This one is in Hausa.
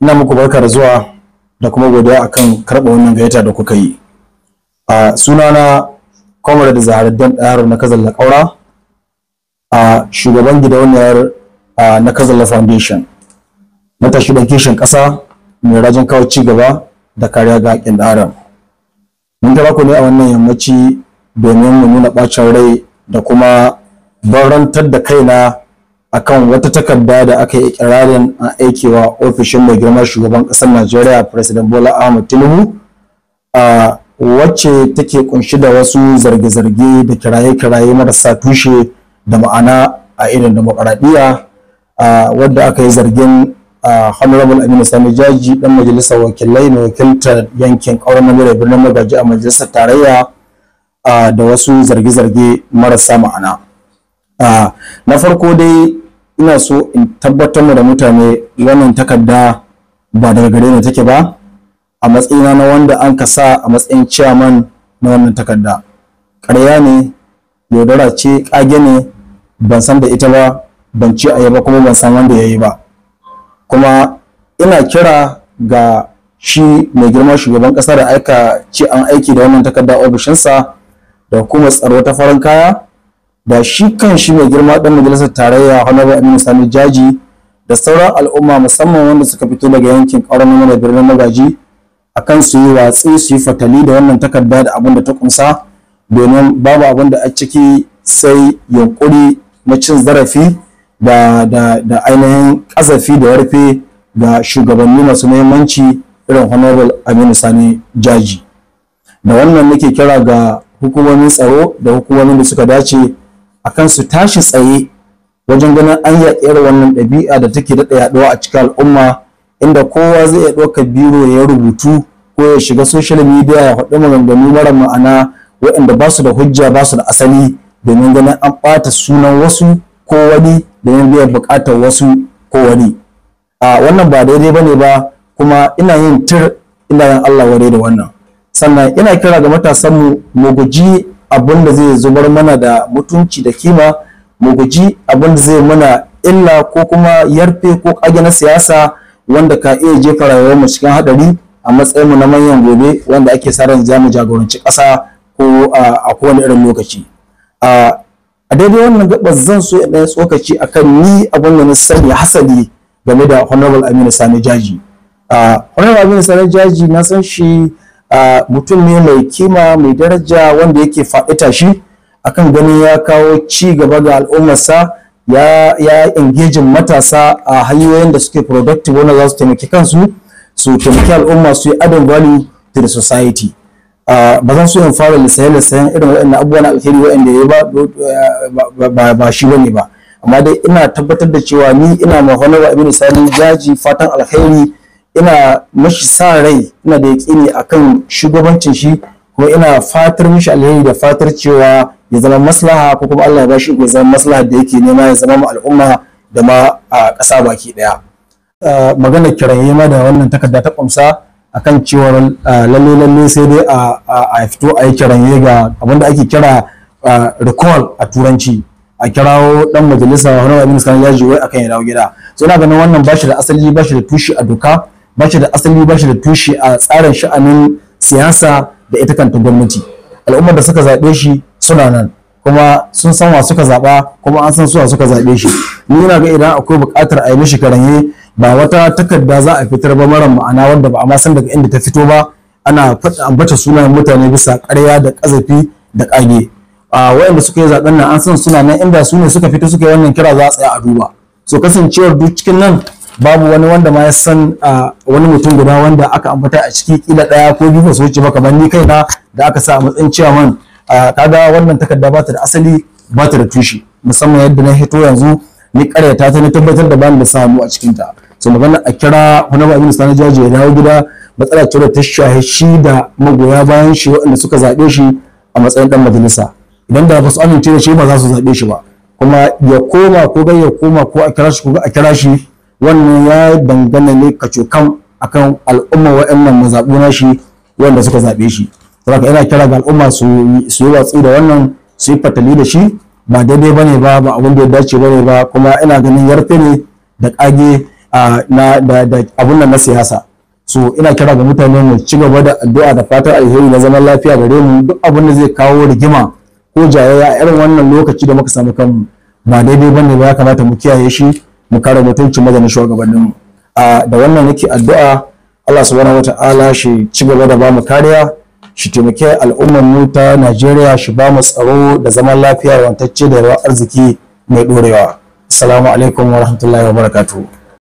ina muku barka da zuwa da kuma godiya akan karɓa wannan gayyata da kuka yi a sunana comrade zaharaddin ɗayar na kazalla ƙaura a shugaban gidauniyar na kazalla foundation matashi da kishin ƙasa mai rajin kawo ci gaba da kariya ga haƙƙin ɗaran mun taba ku ne a wannan yammaci domin mu nuna ɓacin rai da kuma barantar da kaina akan wata takarda da aka yi ƙirarin a aikewa ofishin mai girma shugaban ƙasar Najeriya President Bola Ahmed Tinubu a wacce take kunshi da wasu zarge-zarge da kiraye-kiraye marasa tushe da ma'ana a irin demokaradiyya wadda aka yi zargin Honorable Aminu Sani Jaji dan majalisar wakilai mai wakiltar yankin ƙauren Namira birnin Magaji a majalisar tarayya da wasu zarge-zarge marasa ma'ana. na farko dai ina so in tabbatar mu da mutane wannan takarda ba daga gare ni take ba a matsayina na wanda an ka sa a matsayin ciyaman na wannan takarda ƙarya ne yaudara ce ƙage ne ban san da ita ba ban ci a ba kuma ban san wanda ya yi ba kuma ina kira ga shi mai girma shugaban ƙasa da aika ce an aiki da wannan takarda ofishinsa da hukumar tsaro ta farin kaya da shi kan shi mai girma dan majalisar tarayya honorable aminu sani jaji da sauran al'umma musamman wanda suka fito daga yankin ƙauran da birnin magaji akan su yi watsi su yi fatali da wannan takarda da abin da ta kumsa domin babu abin da a ciki sai yunkuri na cin zarafi da da da ainihin kazafi da warfe ga shugabanni masu muhimmanci irin honorable aminu sani jaji da wannan nake kira ga hukumomin tsaro da hukumomin da suka dace akan su tashi tsaye wajen ganin an yaƙi wannan ɗabi'a da take daɗa yaɗuwa a cikin al'umma inda kowa zai iya ɗauka biro ya rubutu ko ya shiga social media ya faɗi maganganu mara ma'ana waɗanda ba su da hujja ba su da asali domin ganin an ɓata sunan wasu ko wani domin biyan buƙatar wasu ko wani a wannan ba daidai ba ne ba kuma ina yin tir ina yin Allah ware da wannan sannan ina kira ga matasanmu mu guji abunda zai zubar mana da mutunci da kima mu guji abunda zai mana illa ko kuma yarfe ko kage na siyasa wanda ka iya jefa rayuwar mu cikin hadari a matsayin mu na manyan gobe wanda ake sa ran zamu jagoranci ƙasa ko a kowane irin lokaci a daidai wannan gabar zan so in ɗaya tsokaci akan ni abin da sani hasali game da honorable aminu sani jaji honorable aminu sani jaji na san shi mutum ne mai kima mai daraja wanda yake faɗita shi. akan gani ya kawo ci gaba ga al'ummarsa ya ya engaging matasa a hanyoyin da suke productive wanda za su taimaki kansu su taimaki al'umma su yi adon value to the society ba zan so in fara lissaye-lissayen irin waɗannan na alheri waɗanda ya ba ba shi bane ba amma dai ina tabbatar da cewa ni ina ma honorable ibn sani jaji fatan alheri ina mashi sa rai ina da yaƙini akan shugabancin shi ko ina fatar mishi alheri da fatar cewa ya zama maslaha ko kuma Allah ya bashi ya zama maslaha da yake nema ya zama ma al'umma da ma a ƙasa baki ɗaya magana kiraye ma da wannan takarda ta ƙumsa akan cewa lalle lalle sai dai a fito a yi kiraye ga abinda ake kira recall a turanci a kirawo dan majalisa wani abin da ya ji wai akan ya dawo gida so ina ganin wannan bashi da asali bashi da tushe a doka ba shi da asali ba shi da tushe a tsarin sha'anin siyasa da ita kanta gwamnati al'ummar da suka zaɓe shi suna nan kuma sun san wa suka zaɓa kuma an san suwa suka zaɓe shi ni ina ga idan akwai buƙatar a yi mishi karanye ba wata takarda za a fitar ba mara ma'ana wanda ba a ma san daga inda ta fito ba ana ambata sunan mutane bisa ƙarya da ƙazafi da ƙage A wayanda suka yi zaɓen nan an san suna nan inda su ne suka fito suka yi wannan kira za a tsaya a duba so kasancewar duk cikin nan babu wani wanda ma ya san wani mutum guda wanda aka ambata a ciki kila daya ko biyu su wuce ba kamar ni kaina da aka sa a matsayin man kaga wannan takarda ba ta da asali ba ta da tushe musamman yadda na hito yanzu ni karyata ta na tabbatar da bani da samu a cikin ta so magana a kira wani abin sani jaji ya dawo gida matsala ce da ta shi da magoya bayan shi waɗanda suka zaɓe shi a matsayin dan majalisa idan da ba su amince da shi ba za su zaɓe shi ba kuma ya koma ko ga ya koma ko a kira shi ko a kira shi wannan ya yi dangana ne kacokan akan al'umma wa'annan mazaɓu na shi wanda suka zaɓe shi saboda ina kira ga al'umma su yi watsi da wannan su yi fatali da shi ba daidai ne ba ba abin da ya dace ba ne ba kuma ina ganin yarfe ne da ƙage na da abun nan na siyasa so ina kira ga mutane mu ci gaba da addu'a da fatan alheri na zaman lafiya gare mu duk abin da zai kawo rigima ko jayayya irin wannan lokaci da muka samu kanmu ba daidai ba ne ba ya kamata mu kiyaye shi mu kare mutuncin mazanin shugabannin mu a da wannan nake addu'a Allah subhanahu wataala shi ci gaba da bamu kariya shi taimake al'ummar mu ta Najeriya shi ba mu tsaro da zaman lafiya wantacce da yawa arziki mai dorewa assalamu alaikum wa rahmatullahi wa barakatuh